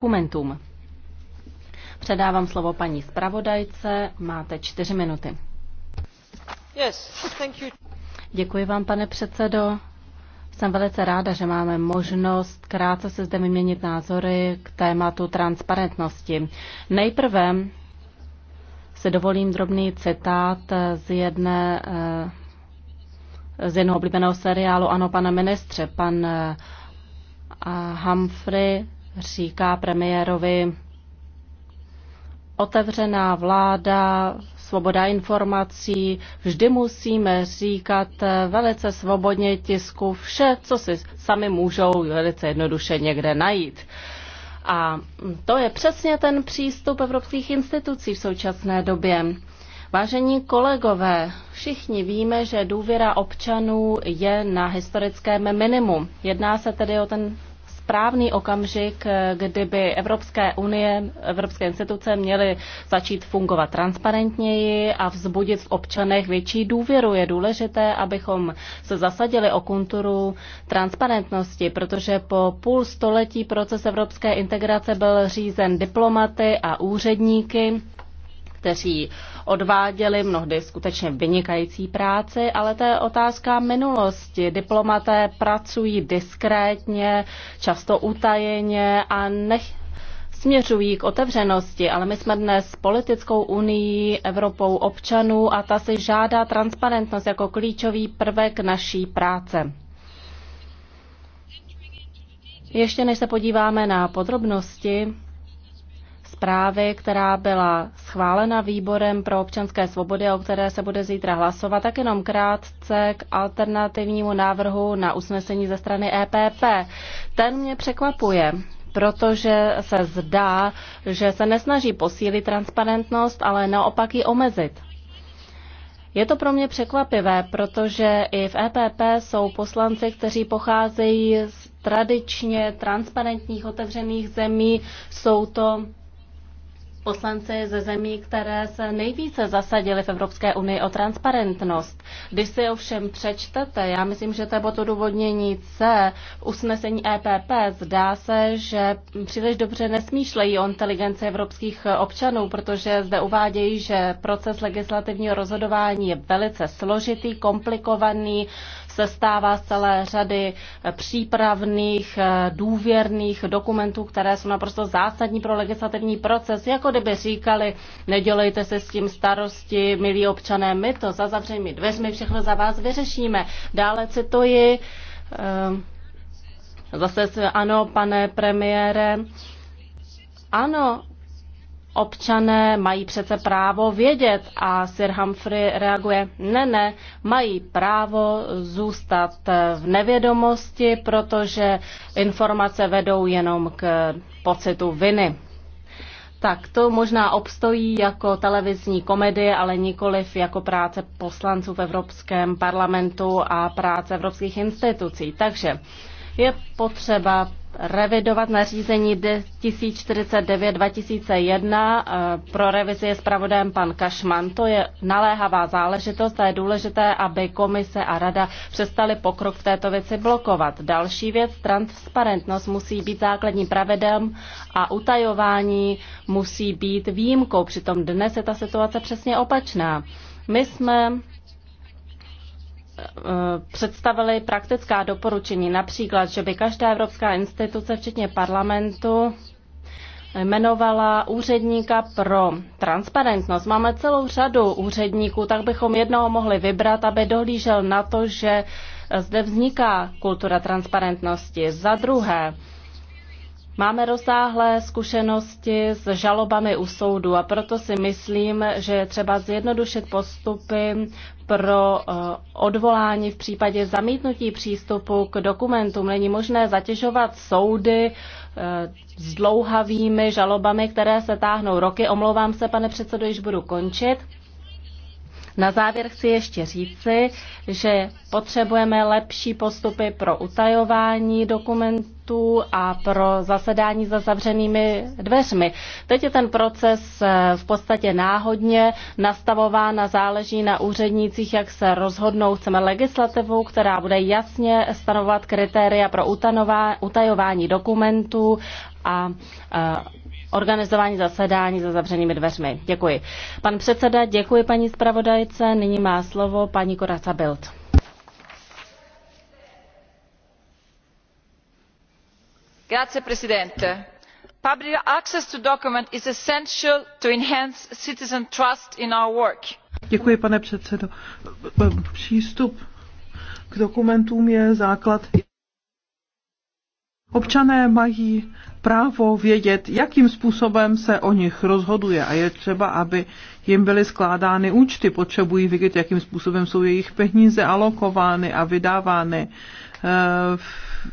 dokumentům. Předávám slovo paní zpravodajce, máte čtyři minuty. Yes, thank you. Děkuji vám, pane předsedo. Jsem velice ráda, že máme možnost krátce se zde vyměnit názory k tématu transparentnosti. Nejprve se dovolím drobný citát z jedné eh, z jednoho oblíbeného seriálu Ano, pane ministře, pan eh, Humphrey říká premiérovi otevřená vláda, svoboda informací, vždy musíme říkat velice svobodně tisku vše, co si sami můžou velice jednoduše někde najít. A to je přesně ten přístup evropských institucí v současné době. Vážení kolegové, všichni víme, že důvěra občanů je na historickém minimum. Jedná se tedy o ten správný okamžik, kdyby Evropské unie, Evropské instituce měly začít fungovat transparentněji a vzbudit v občanech větší důvěru. Je důležité, abychom se zasadili o kulturu transparentnosti, protože po půl století proces evropské integrace byl řízen diplomaty a úředníky, kteří odváděli mnohdy skutečně vynikající práci, ale to je otázka minulosti. Diplomaté pracují diskrétně, často utajeně a nech, směřují k otevřenosti, ale my jsme dnes politickou unii, Evropou občanů a ta si žádá transparentnost jako klíčový prvek naší práce. Ještě než se podíváme na podrobnosti, zprávy, která byla schválena výborem pro občanské svobody, o které se bude zítra hlasovat, tak jenom krátce k alternativnímu návrhu na usnesení ze strany EPP. Ten mě překvapuje protože se zdá, že se nesnaží posílit transparentnost, ale naopak ji omezit. Je to pro mě překvapivé, protože i v EPP jsou poslanci, kteří pocházejí z tradičně transparentních otevřených zemí. Jsou to poslanci ze zemí, které se nejvíce zasadily v Evropské unii o transparentnost. Když si ovšem přečtete, já myslím, že to je bod odůvodnění C v usnesení EPP, zdá se, že příliš dobře nesmýšlejí o inteligenci evropských občanů, protože zde uvádějí, že proces legislativního rozhodování je velice složitý, komplikovaný, sestává z celé řady přípravných, důvěrných dokumentů, které jsou naprosto zásadní pro legislativní proces, jako kdyby říkali, nedělejte se s tím starosti, milí občané, my to za zavřenými dveřmi všechno za vás vyřešíme. Dále cituji, eh, zase ano, pane premiére, ano, občané mají přece právo vědět a Sir Humphrey reaguje, ne, ne, mají právo zůstat v nevědomosti, protože informace vedou jenom k pocitu viny tak to možná obstojí jako televizní komedie, ale nikoliv jako práce poslanců v Evropském parlamentu a práce evropských institucí. Takže je potřeba revidovat nařízení 1049-2001. Eh, pro revizi je zpravodajem pan Kašman. To je naléhavá záležitost a je důležité, aby komise a rada přestali pokrok v této věci blokovat. Další věc, transparentnost musí být základním pravidem a utajování musí být výjimkou. Přitom dnes je ta situace přesně opačná. My jsme představili praktická doporučení, například, že by každá evropská instituce, včetně parlamentu, jmenovala úředníka pro transparentnost. Máme celou řadu úředníků, tak bychom jednoho mohli vybrat, aby dohlížel na to, že zde vzniká kultura transparentnosti. Za druhé, Máme rozsáhlé zkušenosti s žalobami u soudu a proto si myslím, že je třeba zjednodušit postupy pro eh, odvolání v případě zamítnutí přístupu k dokumentům. Není možné zatěžovat soudy eh, s dlouhavými žalobami, které se táhnou roky. Omlouvám se, pane předsedo, již budu končit. Na závěr chci ještě říci, že potřebujeme lepší postupy pro utajování dokumentů a pro zasedání za zavřenými dveřmi. Teď je ten proces eh, v podstatě náhodně nastavován a záleží na úřednících, jak se rozhodnou. Chceme legislativu, která bude jasně stanovat kritéria pro utajování dokumentů a eh, organizování zasedání za zavřenými dveřmi. Děkuji. Pan předseda, děkuji paní zpravodajce. Nyní má slovo paní Koraca Bild. Grazie, Presidente. Public access to document is essential to enhance citizen trust in our work. Děkuji, pane předsedo. Přístup k dokumentům je základ Občané mají právo vědět, jakým způsobem se o nich rozhoduje a je třeba, aby jim byly skládány účty. Potřebují vědět, jakým způsobem jsou jejich peníze alokovány a vydávány. Eh,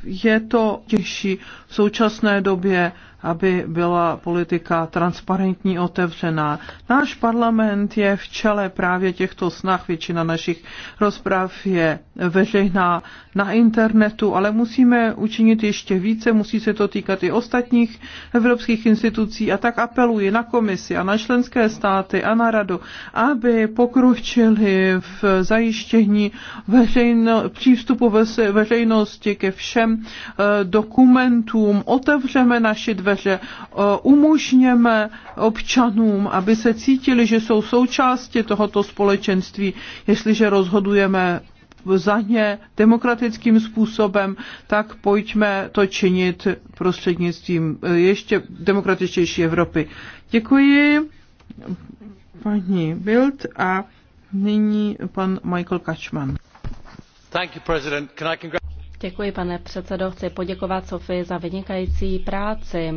je to těžší v současné době aby byla politika transparentní, otevřená. Náš parlament je v čele právě těchto snah, většina našich rozprav je veřejná na internetu, ale musíme učinit ještě více, musí se to týkat i ostatních evropských institucí a tak apeluji na komisi a na členské státy a na radu, aby pokročili v zajištění veřejno, přístupu veřejnosti ke všem eh, dokumentům. Otevřeme naši dveře takže eh, umožněme občanům, aby se cítili, že jsou součástí tohoto společenství, jestliže rozhodujeme za ně demokratickým způsobem, tak pojďme to činit prostřednictvím eh, ještě demokratičtější Evropy. Děkuji paní Bild a nyní pan Michael Kačman. Thank you, President. Can I congratulate... Děkuji, pane předsedo. Chci poděkovat Sofii za vynikající práci.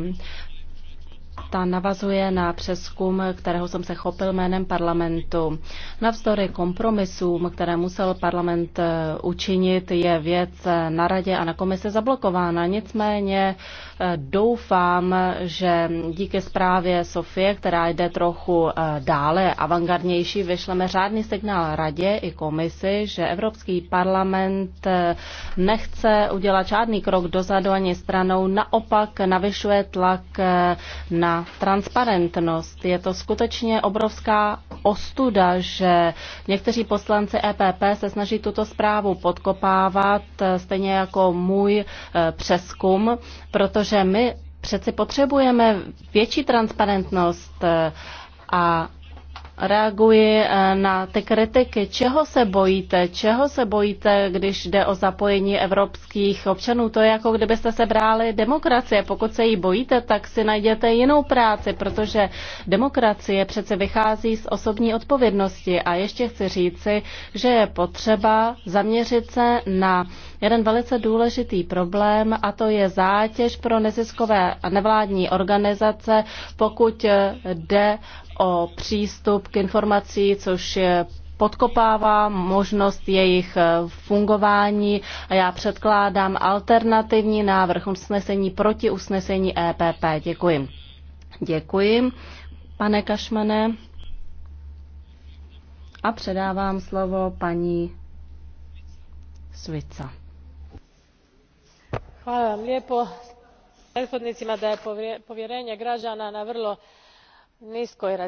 Ta navazuje na přeskum, kterého jsem se chopil jménem parlamentu. Navzdory kompromisům, které musel parlament eh, učinit, je věc eh, na radě a na komise zablokována. Nicméně eh, doufám, že díky zprávě Sofie, která jde trochu dále, avantgardnější, vyšleme řádný signál radě i komisi, že Evropský parlament nechce udělat žádný krok dozadu ani stranou, naopak navyšuje tlak na transparentnost. Je to skutečně obrovská ostuda, že někteří poslanci EPP se snaží tuto zprávu podkopávat, stejně jako můj eh, přeskum, protože my přeci potřebujeme větší transparentnost eh, a reaguji eh, na ty kritiky. Čeho se bojíte? Čeho se bojíte, když jde o zapojení evropských občanů? To je jako kdybyste se bráli demokracie. Pokud se jí bojíte, tak si najděte jinou práci, protože demokracie přece vychází z osobní odpovědnosti. A ještě chci říci, že je potřeba zaměřit se na jeden velice důležitý problém a to je zátěž pro neziskové a nevládní organizace, pokud jde o přístup k informací, což je podkopává možnost jejich eh, fungování a já předkládám alternativní návrh usnesení proti usnesení EPP. Děkuji. Děkuji, pane Kašmane. A předávám slovo paní Svica. Hvala vam lijepo prethodnicima da je povjerenje građana na vrlo nízké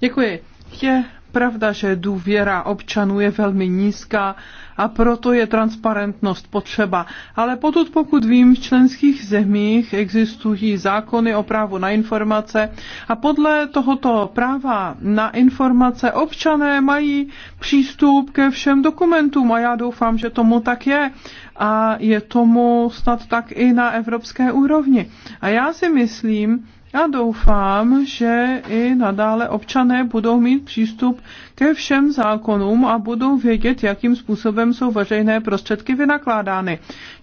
Děkuji. Je pravda, že důvěra občanů je velmi nízká a proto je transparentnost potřeba. Ale potud, pokud vím, v členských zemích existují zákony o právu na informace a podle tohoto práva na informace občané mají přístup ke všem dokumentům a já doufám, že tomu tak je. A je tomu snad tak i na evropské úrovni. A já si myslím, já doufám, že i nadále občané budou mít přístup ke všem zákonům a budou vědět, jakým způsobem jsou veřejné prostředky vynakládány.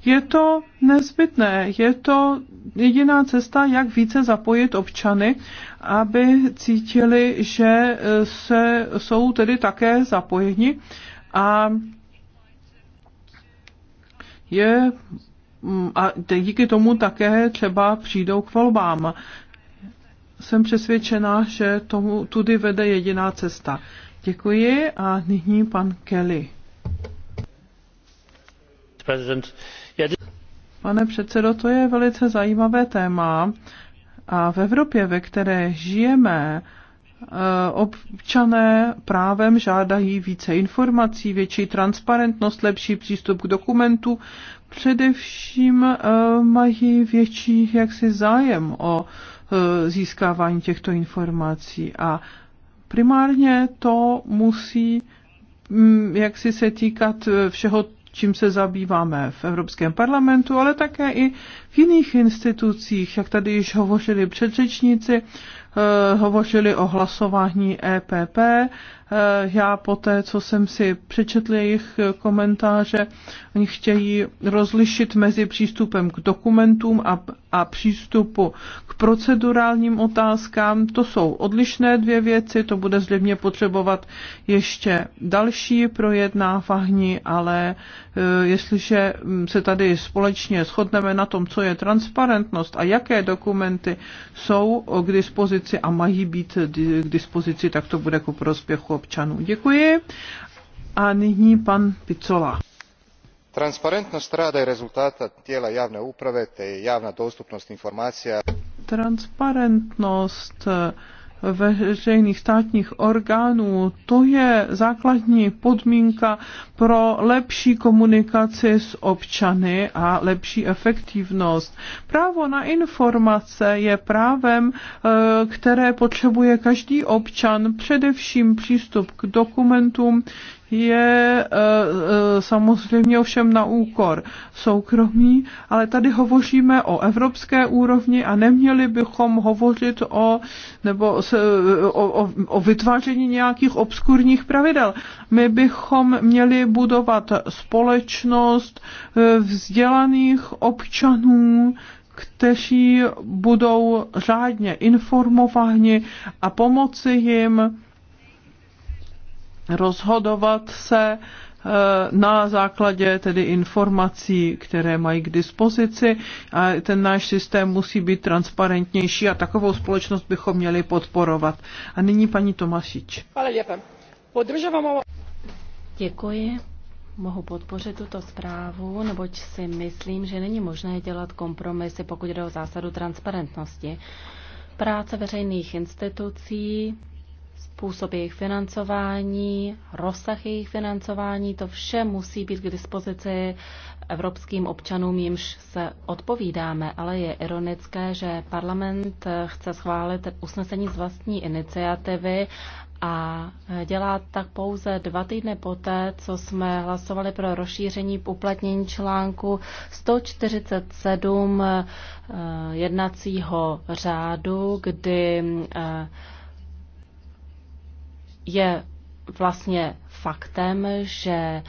Je to nezbytné, je to jediná cesta, jak více zapojit občany, aby cítili, že eh, se, jsou tedy také zapojeni a je mm, a díky tomu také třeba přijdou k volbám jsem přesvědčena, že tomu tudy vede jediná cesta. Děkuji a nyní pan Kelly. Pane předsedo, to je velice zajímavé téma a v Evropě, ve které žijeme, eh, občané právem žádají více informací, větší transparentnost, lepší přístup k dokumentu, především eh, mají větší jaksi zájem o Eh, získávání těchto informací. A primárně to musí mm, jak si se týkat eh, všeho, čím se zabýváme v Evropském parlamentu, ale také i v jiných institucích, jak tady již hovořili předřečníci, eh, hovořili o hlasování EPP Eh, já poté, co jsem si přečetl jejich komentáře, oni chtějí rozlišit mezi přístupem k dokumentům a, a přístupu k procedurálním otázkám. To jsou odlišné dvě věci, to bude zřejmě potřebovat ještě další projednávání, ale eh, jestliže hm, se tady společně shodneme na tom, co je transparentnost a jaké dokumenty jsou k dispozici a mají být k dispozici, tak to bude ku prospěchu občanů. Děkuji. A nyní pan Picola. Transparentnost je rezultáta těla javné javne to je javná dostupnost informace. Transparentnost veřejných státních orgánů. To je základní podmínka pro lepší komunikaci s občany a lepší efektivnost. Právo na informace je právem, eh, které potřebuje každý občan, především přístup k dokumentům, je eh, eh, samozřejmě ovšem na úkor soukromí, ale tady hovoříme o evropské úrovni a neměli bychom hovořit o, nebo se, eh, o, o, o vytváření nějakých obskurních pravidel. My bychom měli budovat společnost vzdělaných občanů, kteří budou řádně informováni a pomoci jim rozhodovat se eh, na základě tedy informací, které mají k dispozici a ten náš systém musí být transparentnější a takovou společnost bychom měli podporovat. A nyní paní Tomasič. Děkuji. Mohu podpořit tuto zprávu, neboť si myslím, že není možné dělat kompromisy, pokud jde o zásadu transparentnosti. Práce veřejných institucí způsob jejich financování, rozsah jejich financování, to vše musí být k dispozici evropským občanům, jimž se odpovídáme, ale je ironické, že parlament chce schválit usnesení z vlastní iniciativy a dělá tak pouze dva týdny poté, co jsme hlasovali pro rozšíření uplatnění článku 147 eh, jednacího řádu, kdy eh, je vlastně faktem, že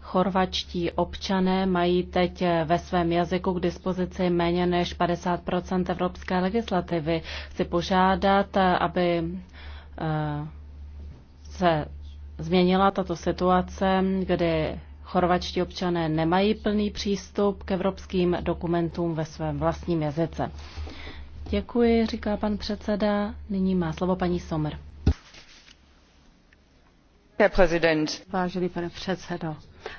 chorvačtí občané mají teď ve svém jazyku k dispozici méně než 50 evropské legislativy. Chci požádat, aby eh, se změnila tato situace, kdy chorvačtí občané nemají plný přístup k evropským dokumentům ve svém vlastním jazyce. Děkuji, říká pan předseda. Nyní má slovo paní Somr. Vážený pane předsedo,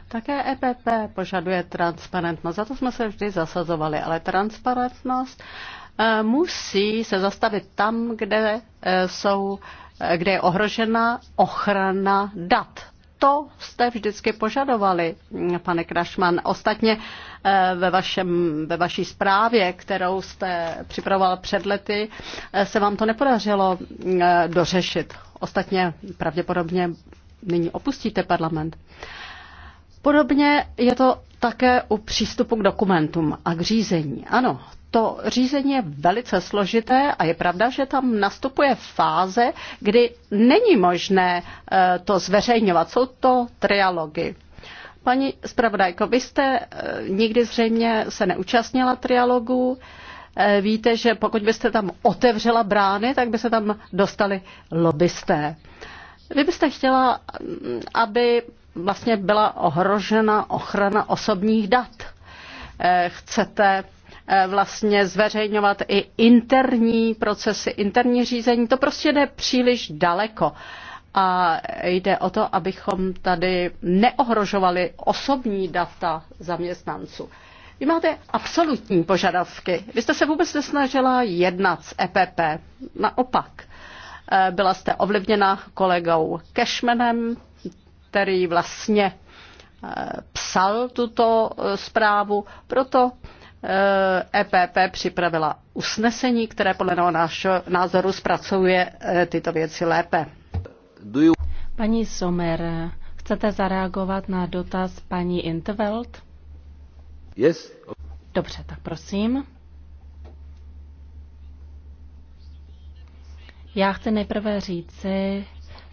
také EPP požaduje transparentnost. Za to jsme se vždy zasazovali, ale transparentnost eh, musí se zastavit tam, kde, eh, jsou, eh, kde je ohrožena ochrana dat. To jste vždycky požadovali, mm, pane Krašman. Ostatně ve, vašem, ve vaší zprávě, kterou jste připravoval před lety, se vám to nepodařilo mm, dořešit. Ostatně pravděpodobně nyní opustíte parlament. Podobně je to také u přístupu k dokumentům a k řízení. Ano, to řízení je velice složité a je pravda, že tam nastupuje fáze, kdy není možné eh, to zveřejňovat. Jsou to trialogy. Paní zpravodajko, vy jste eh, nikdy zřejmě se neúčastnila trialogu. Eh, víte, že pokud byste tam otevřela brány, tak by se tam dostali lobbysté. Vy byste chtěla, aby vlastně byla ohrožena ochrana osobních dat. Eh, chcete eh, vlastně zveřejňovat i interní procesy, interní řízení. To prostě jde příliš daleko. A jde o to, abychom tady neohrožovali osobní data zaměstnanců. Vy máte absolutní požadavky. Vy jste se vůbec nesnažila jednat s EPP. Naopak. Eh, byla jste ovlivněna kolegou Cashmanem, který vlastně eh, psal tuto eh, zprávu, proto EPP e připravila usnesení, které podle našeho názoru zpracuje tyto věci lépe. Paní Somer, chcete zareagovat na dotaz paní Intveld? Yes. Dobře, tak prosím. Já chci nejprve říci,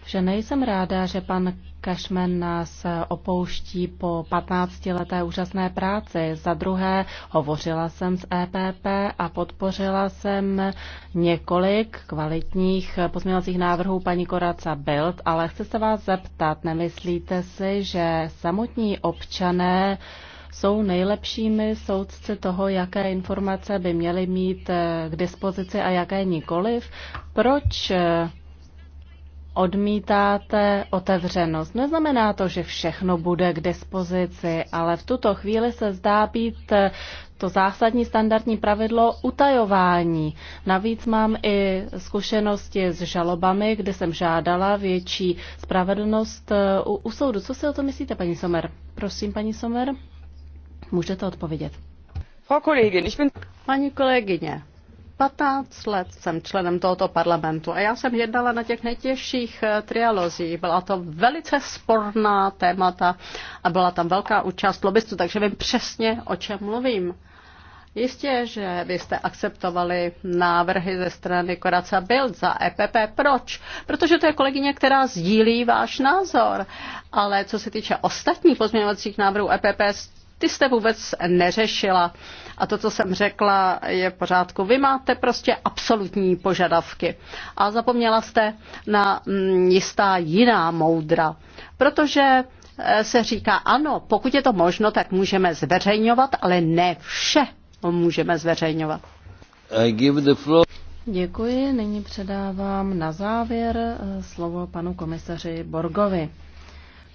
že nejsem ráda, že pan Cashman nás opouští po 15 leté úžasné práci. Za druhé, hovořila jsem s EPP a podpořila jsem několik kvalitních pozměňovacích návrhů paní Koraca Bild, ale chci se vás zeptat, nemyslíte si, že samotní občané jsou nejlepšími soudci toho, jaké informace by měli mít eh, k dispozici a jaké nikoliv. Proč eh, odmítáte otevřenost. Neznamená to, že všechno bude k dispozici, ale v tuto chvíli se zdá být eh, to zásadní standardní pravidlo utajování. Navíc mám i zkušenosti s žalobami, kde jsem žádala větší spravedlnost u, u soudu. Co si o to myslíte, paní Somer? Prosím, paní Somer. Můžete odpovědět. Paní kolegyně, 15 let jsem členem tohoto parlamentu a já jsem jednala na těch nejtěžších eh, trialozích. Byla to velice sporná témata a byla tam velká účast lobbystů, takže vím přesně, o čem mluvím. Jistě, že byste akceptovali návrhy ze strany Koraca Bild za EPP. Proč? Protože to je kolegyně, která sdílí váš názor. Ale co se týče ostatních pozměňovacích návrhů EPP, s ty jste vůbec neřešila. A to, co jsem řekla, je v pořádku. Vy máte prostě absolutní požadavky. A zapomněla jste na mm, jistá jiná moudra. Protože eh, se říká, ano, pokud je to možno, tak můžeme zveřejňovat, ale ne vše můžeme zveřejňovat. I give the floor. Děkuji, nyní předávám na závěr eh, slovo panu komisaři Borgovi.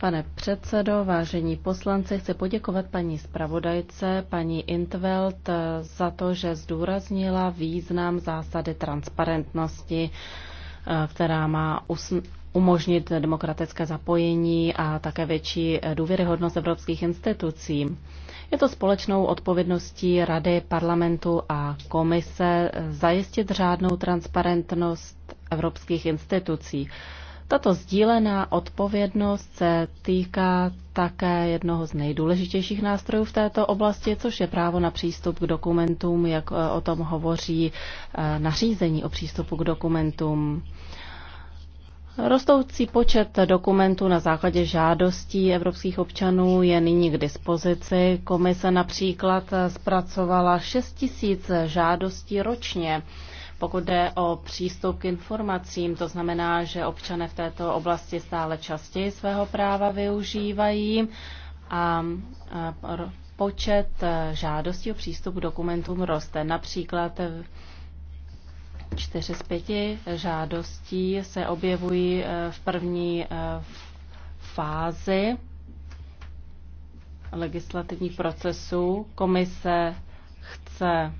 Pane předsedo, vážení poslanci, chci poděkovat paní zpravodajce, paní Intveld, za to, že zdůraznila význam zásady transparentnosti, která má umožnit demokratické zapojení a také větší důvěryhodnost evropských institucí. Je to společnou odpovědností Rady, parlamentu a komise zajistit řádnou transparentnost evropských institucí. Tato sdílená odpovědnost se týká také jednoho z nejdůležitějších nástrojů v této oblasti, což je právo na přístup k dokumentům, jak eh, o tom hovoří eh, nařízení o přístupu k dokumentům. Rostoucí počet dokumentů na základě žádostí evropských občanů je nyní k dispozici. Komise například eh, zpracovala 6 000 žádostí ročně pokud jde o přístup k informacím. To znamená, že občané v této oblasti stále častěji svého práva využívají a počet e, žádostí o přístup k dokumentům roste. Například čtyři z pěti žádostí se objevují e, v první e, fázi legislativních procesů. Komise chce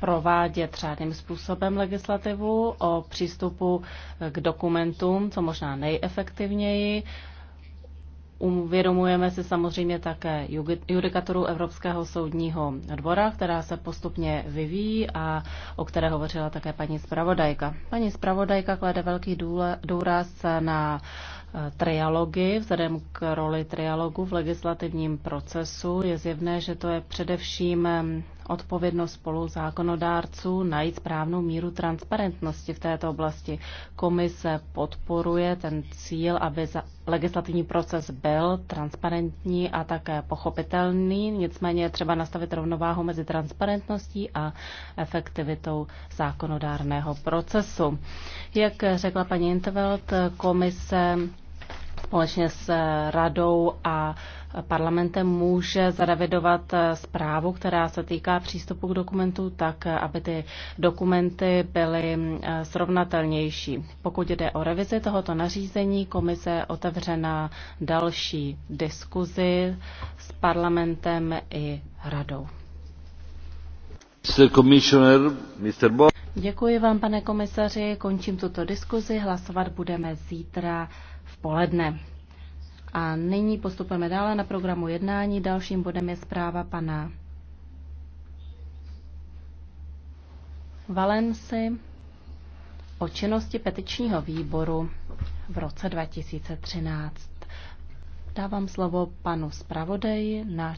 provádět řádným způsobem legislativu o přístupu k dokumentům, co možná nejefektivněji. Uvědomujeme si samozřejmě také judikaturu Evropského soudního dvora, která se postupně vyvíjí a o které hovořila také paní zpravodajka. Paní zpravodajka klade velký důraz na eh, trialogy. Vzhledem k roli trialogu v legislativním procesu je zjevné, že to je především odpovědnost spolu zákonodárců najít správnou míru transparentnosti v této oblasti. Komise podporuje ten cíl, aby za legislativní proces byl transparentní a také pochopitelný, nicméně je třeba nastavit rovnováhu mezi transparentností a efektivitou zákonodárného procesu. Jak řekla paní Intervelt, komise společně s radou a parlamentem může zarevidovat zprávu, která se týká přístupu k dokumentu, tak aby ty dokumenty byly eh, srovnatelnější. Pokud jde o revizi tohoto nařízení, komise otevřena další diskuzi s parlamentem i radou. Děkuji vám, pane komisaři. Končím tuto diskuzi. Hlasovat budeme zítra v poledne. A nyní postupujeme dále na programu jednání. Dalším bodem je zpráva pana Valensy o činnosti petičního výboru v roce 2013. Dávám slovo panu zpravodaji na